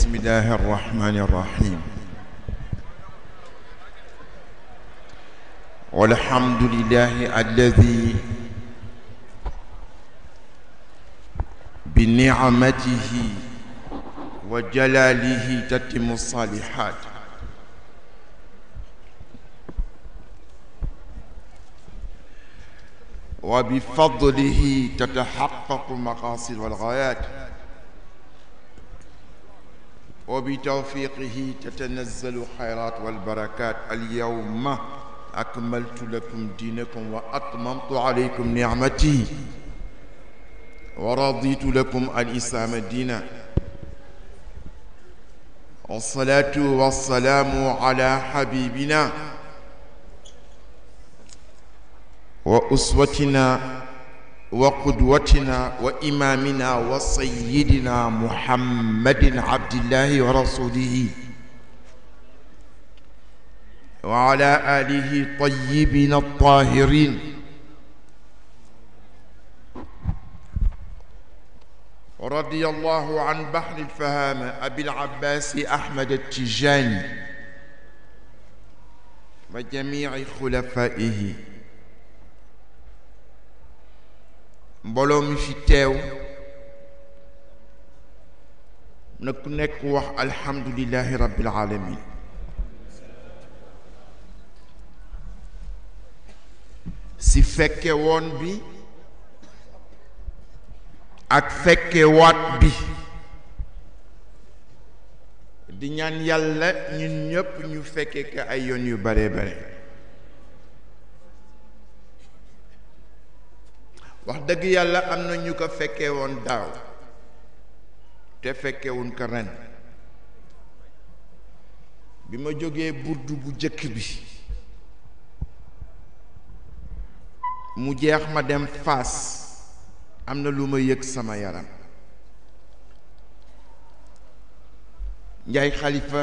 بسم الله الرحمن الرحيم والحمد لله الذي بنعمته وجلاله تتم الصالحات وبفضله تتحقق مقاصد والغايات وبتوفيقه تتنزل الخيرات والبركات اليوم أكملت لكم دينكم وأتممت عليكم نعمتي ورضيت لكم الإسلام دينا والصلاة والسلام على حبيبنا وأسوتنا وقدوتنا وإمامنا وسيدنا محمد عبد الله ورسوله وعلى آله طيبين الطاهرين رضي الله عن بحر الفهامة أبي العباس أحمد التجاني وجميع خلفائه mbooloo mi fi teew na ku nekk wax alhamdulillahi rabbil alamin si fekke woon bi ak fekke waat bi di ñaan yàlla ñun ñëpp ñu fekke ka ay yoon yu bare bare wax dëgg yàlla am na ñu ko fekkee woon daaw te fekkewuñ ko ren bi ma jógee burdu bu jëkk bi mu jeex ma dem faas am na lu ma yëg sama yaram njaay xalifa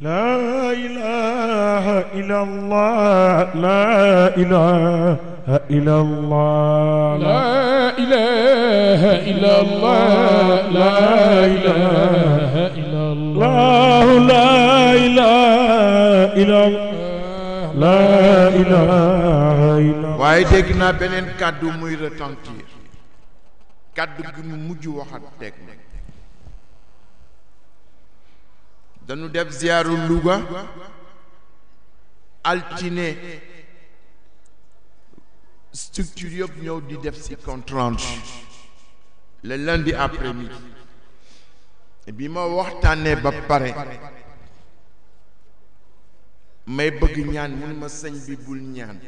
لا إله إلا الله لا إله إلا الله لا إله إلا الله لا إله إلا الله لا إله إلا الله لا إله إلا الله waaye dégg naa beneen kàddu muy retentir kàddu gi mu mujj dañu def ziaru Louga altine structure yëpp ñëw di def ci compte le lundi après-midi bi ma waxtané ba paré may bëgg ñaan mun ma señ bi bul ñaan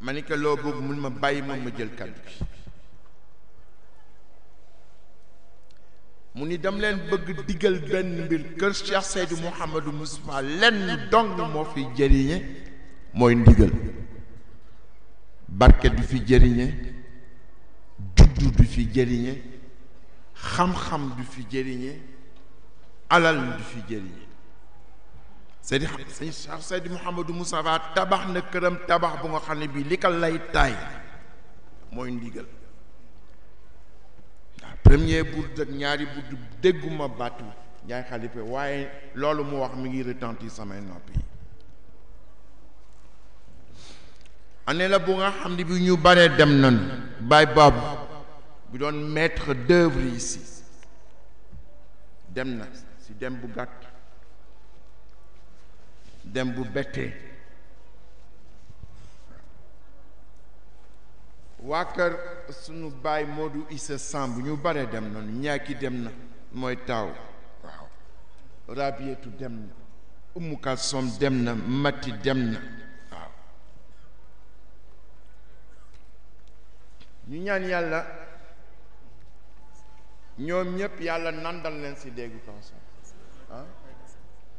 manika ni bëgg ma bàyyi ma ma jël kàddu bi mu ni dam leen bëgg digal benn mbir kër Cheikh Seydou Mouhamadou Moustapha lenn dong moo fi jëriñe mooy ndigal barke du fi jëriñe juddu du fi jariñe xam-xam du fi jëriñe alal du fi jëriñe Seydi Cheikh Seydou Mouhamadou Moustapha tabax na këram tabax bu nga xam ne bii li ka lay taay mooy ndigal premier bout de ñaari bout dégguma baatu Njaay Khalife waye lolu mu wax mi ngi retentir samay nopp yi année la bu nga xam bi ñu bare dem nañ bay Babu bi doon maître d'œuvre ici dem na si dem bu gatt dem bu bété waa kër sunu baay Modou Issa Samb ñu bare dem noonu ñaaki dem na mooy taaw waaw dem na Umu Kalsom dem na Mati dem na waaw ñu ñaan yàlla ñoom ñëpp yàlla nandal leen ci déggu Kalsom ah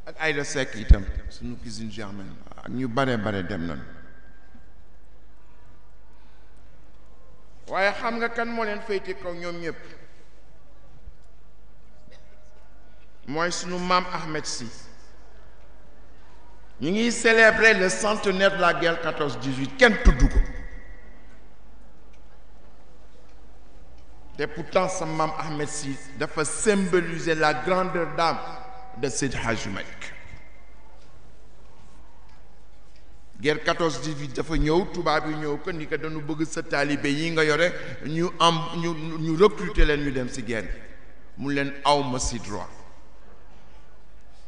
ak Aïda Seck itam sunu cuisine germaine ñu bare bare dem nañu waye xam nga kan moo leen mieux. kaw Moi Je suis sunu mam Ahmed Sy ñi ngi célébrer le centenaire de la guerre 14 18 kenn pourtant sa Mam Ahmed Sy a symboliser la grandeur d'âme de cette Hadji guerre 14 18 dafa ñëw tubaab yu ñëw ko ni ko dañu bëgg sa taalibe yi nga yore ñu am ñu ñu recruter leen ñu dem ci guerre mu leen awma ci droit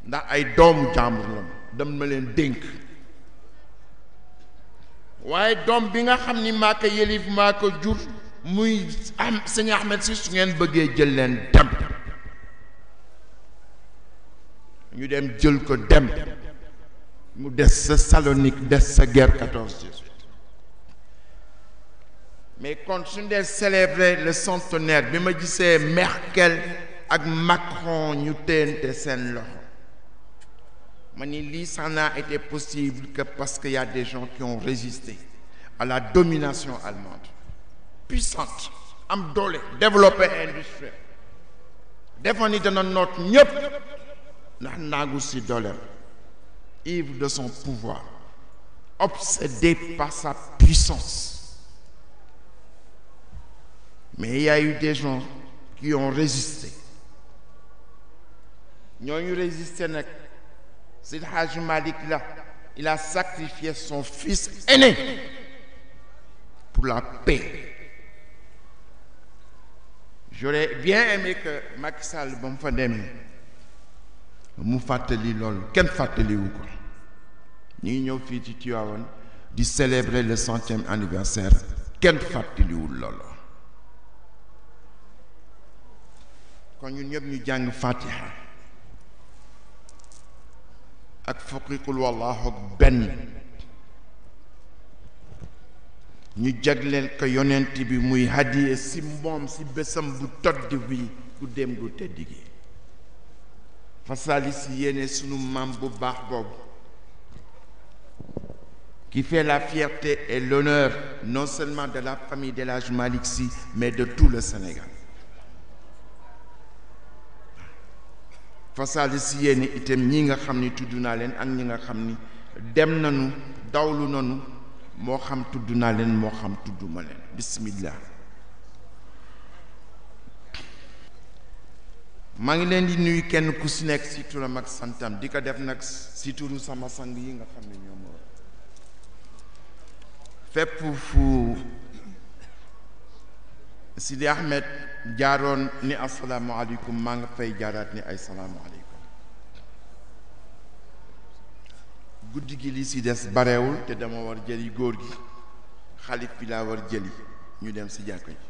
ndax ay doomu jàmbur la dem na leen dénk waaye doom bi nga xam ni maa ko yëlif maa ko jur muy am sëñ Ahmed si su ngeen bëggee jël leen dem ñu dem jël ko dem Nous des sa Salonique de sa guerre 14 18 mais quand suñu des célébrer le centenaire je me disais Merkel ak Macron ñu Saint-Laurent. Je me dis que ça n'a été possible que parce qu'il y a des gens qui ont résisté à la domination allemande puissante am développée développé industriel dans notre dana noot ñëpp ndax aussi ivre de son pouvoir, obsédé par sa puissance. Mais il y a eu des gens qui ont résisté. Ils ont résisté. C'est Hajj Malik là. Il a sacrifié son fils aîné pour la paix. J'aurais bien aimé que maxal Sall, mu lol ken kenn wu ko ñu ñew fi ci di célébrer le centième anniversaire kenn wu loolu kon ñun ñep ñu jang fatiha ak foqikul wallahu ben ñu jagleel ko yonent bi muy hadiye si moom si besam bu toddi bi ku dem gu teddi gi fasali si yéene sunu barbob, bu qui fait la fierté et l'honneur non seulement de la famille de l'âge Malixi, mais de tout le Sénégal fasali si était itam ñi nga xam ni tudd ak ñi nga dem nañu dawlu nañu moo xam moham naa bismillah maa ngi leen di nuyu kenn ku si nekk si turam ak santam di ko def nag si turu sama sang yi nga xam ne ñoom fépp fu Sidi Ahmed jaaroon ni asalaamaaleykum maa nga fay jaaraat ni ay salaamaaleykum guddi gi li si des barewul te dama war jëli góor gi xalif bi laa war jëli ñu dem si jàkka ji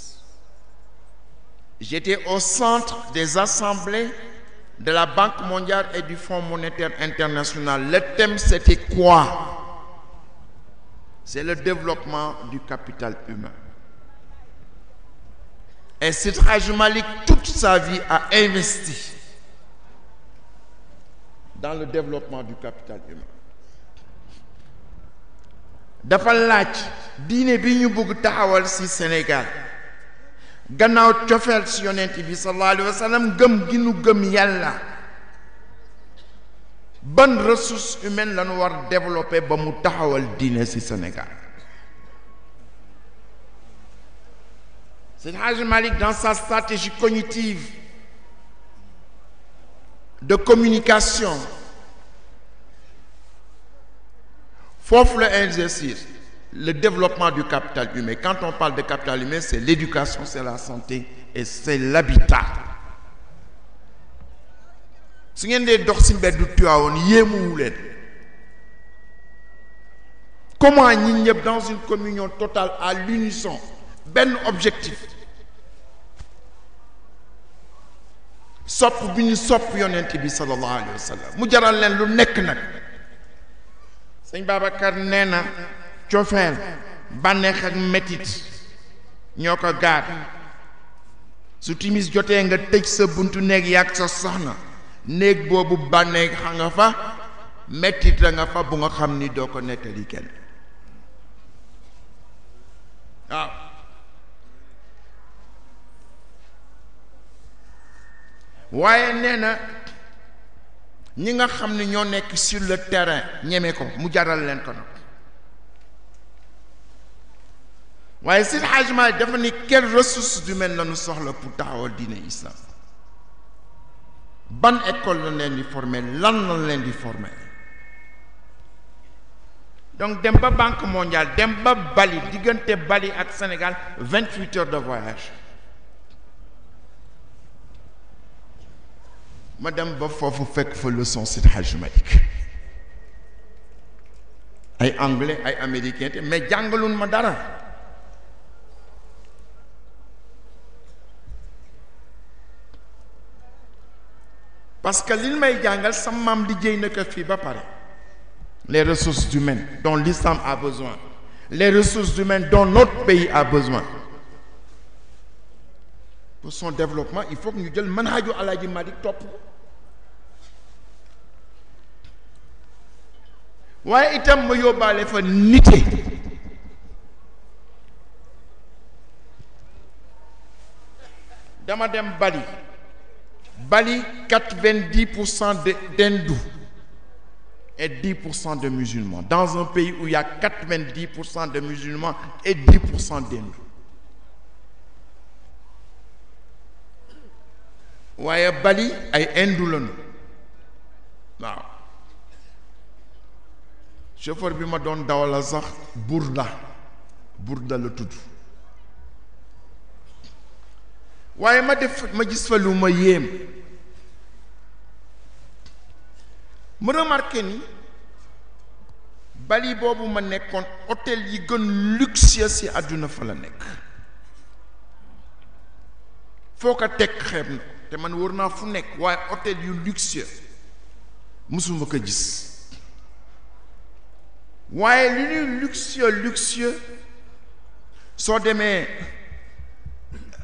J'étais au centre des assemblées de la Banque mondiale et du Fonds monétaire international. Le thème, c'était quoi C'est le développement du capital humain. Et Sitraj Malik, toute sa vie, a investi dans le développement du capital humain. dafa l'âge, Sénégal gannaaw cofeel si yonent bi sallallahu alayhi wa sallam gëm gi nu gëm yàlla ban ressource humaine lañu war développer ba mu taxawal diine si Sénégal Seydi Hajj Malik dans sa stratégie cognitive de communication foofu la exercice le développement du capital humain. Quand on parle de capital humain, c'est l'éducation, c'est la santé et c'est l'habitat. su ngeen dee dox si vous comment nous ñëpp dans une communion totale à l'unisson ben objectif sopp bi ñu sopp yonent bi sallallahu alayhi wa sallam mu jaral leen lu nekk nag cofeel bànneex ak metit ñoo ko gaar su timis jotee nga tëj sa buntu néeg yàgg sa soxna néeg boobu bànneex xa nga fa mettit la nga fa bu nga xam ni doo ko nettali kenn waaw waaye nee na ñi nga xam ne ñoo nekk sur le terrain ñeme ko mu jaral leen ko nag waaye c'est Hadji Malick dafa ni quelle ressource humaine la ñu soxla pour taxawal diine islam ban école la leen di lan la leen di formé donc dem ba banque mondiale dem ba Bali diggante Bali ak Sénégal 28 heures de voyage ma dem ba foofu fekk fa leçon Seydi Hadji ay anglais ay américain mais jàngaluñ ma dara parce que may sa les ressources humaines dont l'islam a besoin les ressources humaines dont notre pays a besoin pour son développement il faut que nous jël manhaju la Malik top waaye itam ma yóbbaale fa nité dama dem Bali Bali, 90% d'hindous et 10% de musulmans. Dans un pays où il y a 90% de musulmans et 10% d'hindous. a Bali ay hindou. lañu waaw chauffeur bi ma doon dawal sax Burda Bourda tout toutou. waaye ma def ma gis fa lu ma yéem ma remarqué ni bali boobu ma nekkoon otel yi gën luxueux ci àdduna fa la nekk foo ko teg xeeb na te man wër naa fu nekk waaye hôtel yu luxueux mësuma ko gis waaye lu ñuy luxueux luxueux soo demee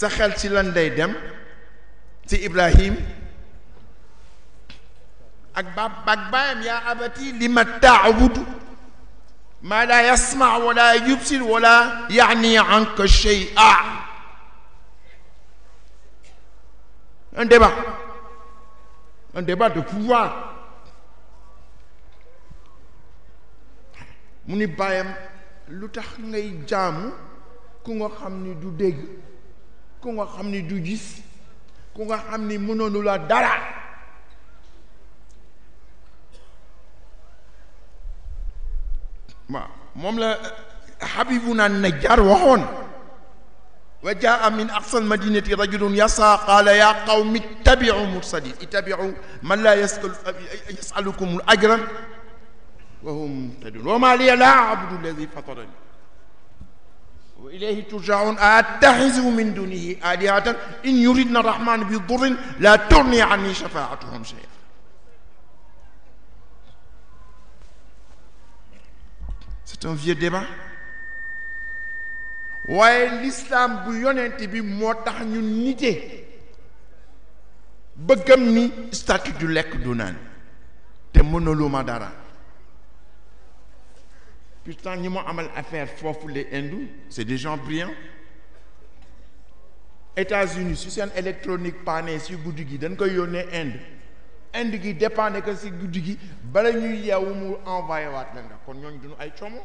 sa xel ci lan day dem ci Ibrahim ak ba ak baayam yaa abati li ma taabudu maa laa yasma wala yubsir wala yaani anka shay'a un débat un débat de mu ni baayam lu tax ngay jaamu ku nga xam ni du dégg ku nga xam ni du gis ku nga xam ni mënoonu la dara ma moom la Habibuna Najjar waxoon wa jaa min aqsa almadinati rajulun yasa qala ya qawmi ittabi'u mursalin ittabi'u man la yaskul yasalukum ajran wa hum tadun wa ma liya la abdu alladhi fatarani وإليه ترجعون أتخذوا من دونه آلهة إن يريدنا الرحمن بضر لا تغني عني شفاعتهم شيئا C'est un vieux débat. waaye l'islam bu yonent bi moo tax ñu nite bëggam ni statut du lekk du naan te mënaluma dara pourtant ñi mu amal affaire foofu les hindous c'est des gens brillants États-Unis su seen électronique pané sur guddi gi dañ koy yónnee Inde Inde qui dépendé que si guddi gi y a yeewu mu envoyé waat la nga kon ñooñu duñu ay coomo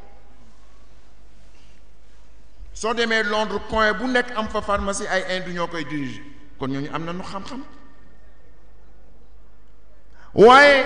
des demee Londres coin bu nekk am fa pharmacie ay Inde ñoo koy diriger kon ñooñu am na nu xam-xam ouais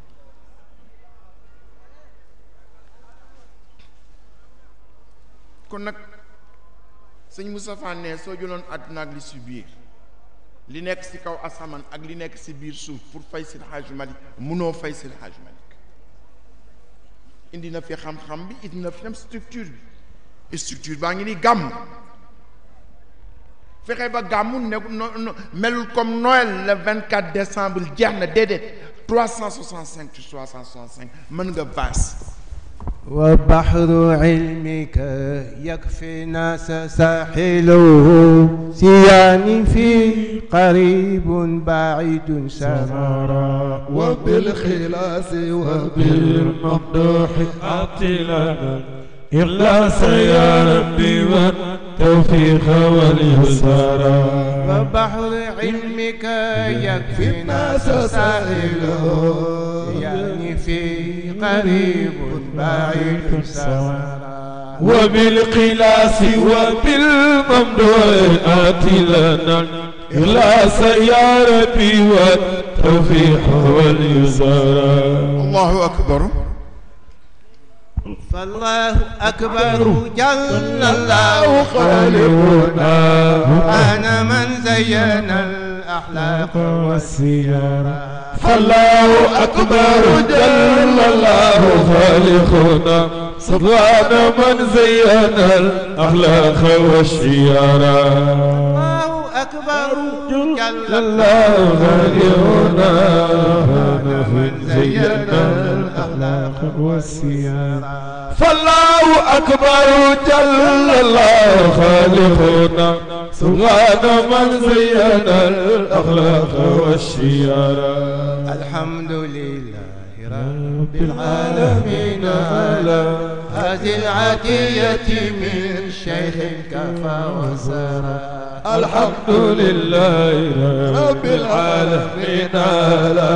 kon nag sëñ Moustapha ne so jëloon àdduna ak li subir. li nek ci kaw asaman ak li nek ci bir suuf pour fay si Hadj Malick munoo fay si Hadj Malick indi na fi xam-xam bi indi na fi tam structure bi structure ba ngi ni gam fexé ba gàmmu ne melul comme Noël le 24 décembre jenn dedet 365 365 man nga basse وبحر علمك يكفي ناس ساحله سيان في قريب بعيد سمارا وبالخلاص وبالممدوح أطلنا إلا يا ربي والتوفيق واليسارا وبحر علمك يكفي ناس ساحله يعني في قريب باعث السواد وبالقلاس وبالممدوحات لنا إخلاص يا ربي والتوفيق واليسار الله أكبر فالله أكبر جل الله خالقنا أنا من زين الأخلاق والسيارة فالله أكبر جل الله خالقنا سبحان من زين الأخلاق والسيارة الله أكبر جل الله خالقنا من زين الأخلاق والسيار فالله أكبر جل الله خالقنا سبحان من زين الأخلاق والشيار الحمد لله رب العالمين على هذه العتية من شيخ كفى وسرى الحمد لله رب العالمين على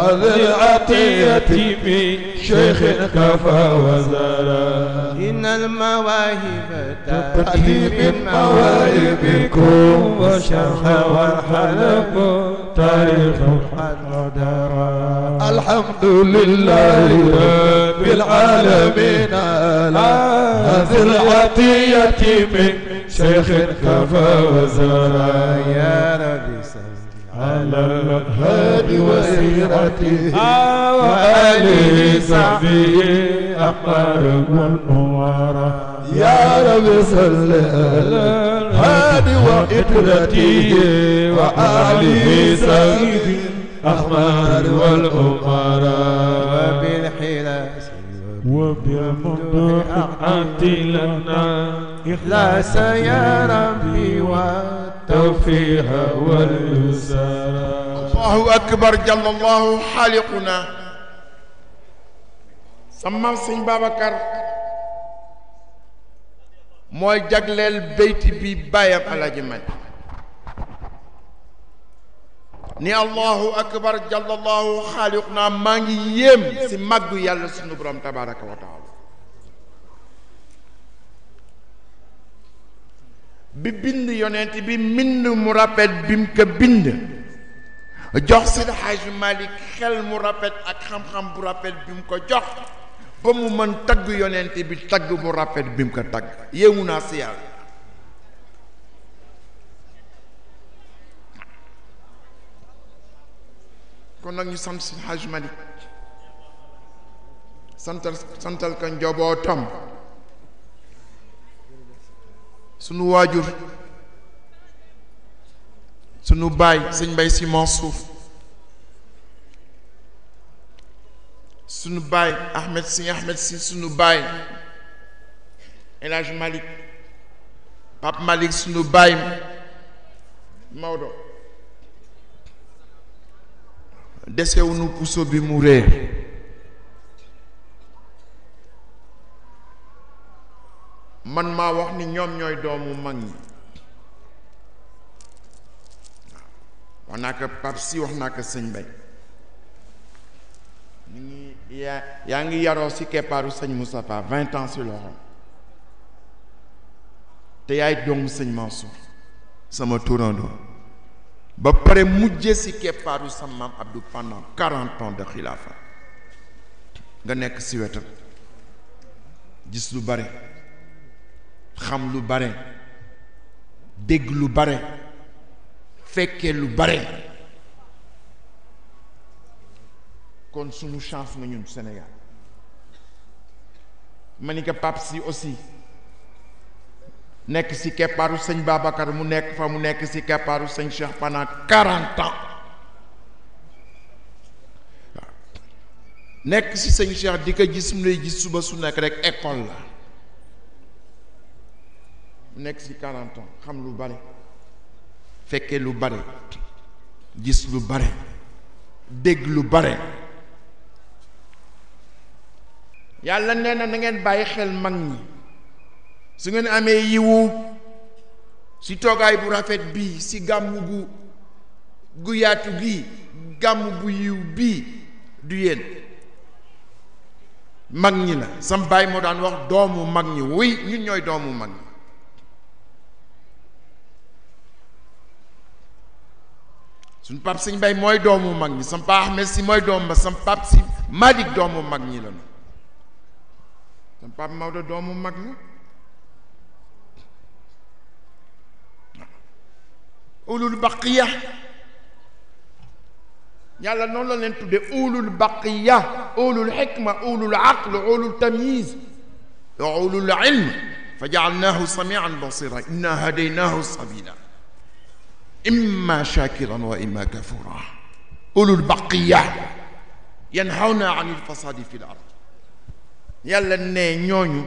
هذه العطية من شيخ كفى وزرى إن المواهب تأتي من مواهبكم وشرح والحلم التاريخ حدرا الحمد لله رب العالمين على هذه العطية من شيخ كفى وزرا يا ربي على الهادي وسيرته وآله صحبه آه، أقارب آه، المنورة يا رب صل على الهادي وإطرته وآله صحبه أحمر والأمراء بالحلاس وبالمنطق أعطي لنا إخلاص يا ربي وآله التوفيق والسلام الله أكبر جل الله حالقنا سما سين بابكر موي جاغلل بيتي بي بايام على جمال ني الله اكبر جل الله خالقنا ماغي ييم سي ماغو يالا سونو بروم تبارك وتعالى bi bind yonent bi mbind mu rafet bi mu ko bind jox Seydi Hadji Malick xel mu rafet ak xam-xam bu rafet bi mu ko jox ba mu mën tagg yonent bi tagg mu rafet bi mu ko tagg yéemu naa si yàlla kon nag ñu sant Seydi Hadji Malick santal santal ko njobootam sunu waajur sunu baay sëñ Mbay Si Mansour sunu baay Ahmed Si Ahmed Si suñu baay El Hadj Malick Pape Malick baay Maodo desewunu puso bi mu réer man ma wax ni ñom ñoy doomu mag ñi waaw wax pap si wax naa ko sëñ Bay ñu ngi yaa ngi yaroo si képaru sëñ Moustapha 20 ans sur loxoom te yaay doomu sëñ Mansour sama tourando ba paré mujjé si képaru sa maam Abdou pendant 40 ans de khilafa nga nek ci wetam gis lu bari xam lu bare dégg lu bare lu bare kon suñu na ñun Sénégal manika aussi nekk ci sëñ Babacar mu nekk fa mu nekk ci Cheikh pendant quarante ans nekk ci Cheikh gis mu lay gis suba su rek école nekk ci quarante ans xam lu bare fekkee lu bare gis lu bare dégg lu bare yàlla nee na na ngeen bàyyi xel mag ñi su ngeen amee yiwu ci toogaay bu rafet bii ci gàmm gu gu yaatu gii gàmm gu yiw bii du yéen mag ñi la sam baay moo daan wax doomu mag ñi wuy ñun ñooy doomu mag ñi suñ pap seigne bay moy doomu mag ñi sam paa Ahmed si moy doomu ba sam pap si Malick doomu mag ñi la nu sam pap mawdo doomu mag la ulul baqiya yàlla non la len tudde ulul baqiya ulul hikma ulul aql ulul tamyiz ulul ilm fa jaalnaahu samian basira inna hadaynaahu sabila إما شاكرا وإما كفورا أولو البقية ينهون عن الفساد في الأرض يلا ني نيونيو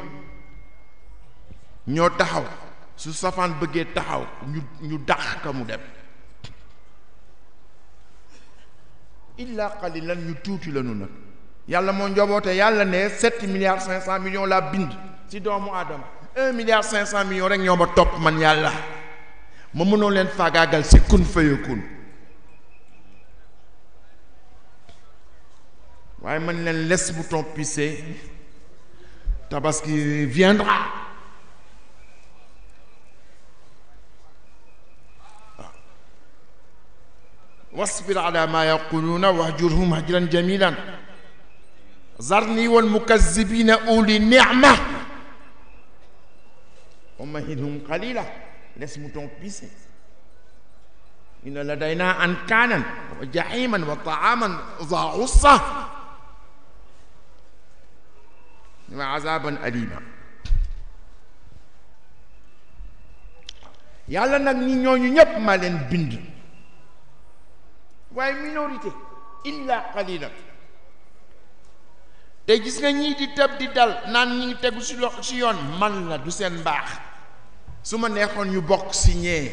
نيو تاخاو سو صفان بغي تاخاو نيو داخ كامو ديم الا قليلا ني توتي لنو نك يالا مو نجوبوتا يالا ني 7 مليار 500 مليون لا بيند سي دومو ادم 1 مليار 500 مليون رك نيوما توب مان يالا ma mënoo leen fagaagal si kun fayakun waaye man leen laisse mouton pisser Tabaski viendra واصبر على ما يقولون واهجرهم هجرا جميلا ذرني والمكذبين اولي النعمه ومهلهم قليلا laisse-nous donc pisser inna ladaynaa ankaalan wa jahiman wa taaman za gussa wa azaban nag ñi ñooñu ñépp maa leen bind waaye minorité illa qalila te gis na ñii di tëb dal naan ñi ngi tegu si man la du seen baax su ma neexoon ñu bokk si ñee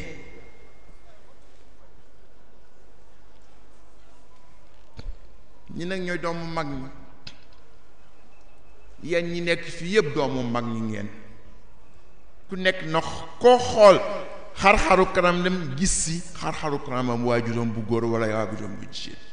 ñi nag ñooy doomu mag ñi yéen ñi nekk fii yëpp doomu mag ñi ngeen ku nekk na koo xool xar-xaru kanam dem gis si xar-xaru kanamam juróom bu góor wala waajuram bu jigéen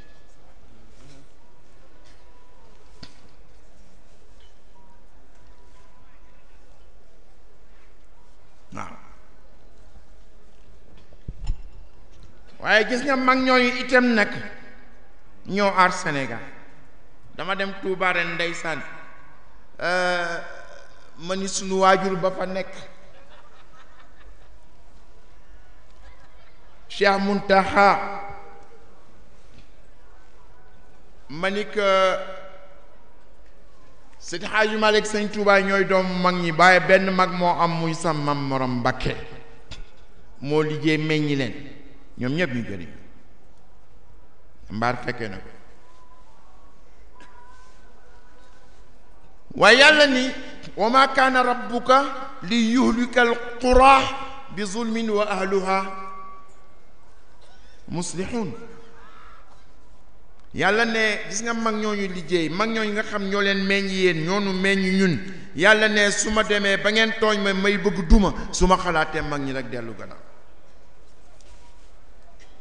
waaye gis nga mag ñooñu itam nag ñoo aar Sénégal dama dem Touba ren ndeysaan euh, ma ni sunu waajur ba fa nekk Cheikh Muntaha ma ni que Seydi ñooy doomu mag ñi bàyyi benn mag moo am muy sa moroom morom Mbakke moo liggéey mel ñi leen ñoom ñëpp ñu jëriñ mbaar fekkee na ko waaye yàlla ni wa ma kaana rabbuka li yuhlika al qura bi zulmin wa ahluha muslihun yàlla ne gis nga mag ñooñu liggéey mag ñooñu nga xam ñoo leen meññ yéen ñoonu meññ ñun yàlla ne su ma demee ba ngeen tooñ ma may bëgg duma su ma xalaatee mag ñi rek dellu gannaaw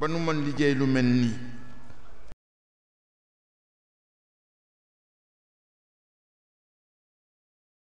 ba nu mën liggéey lu mel nii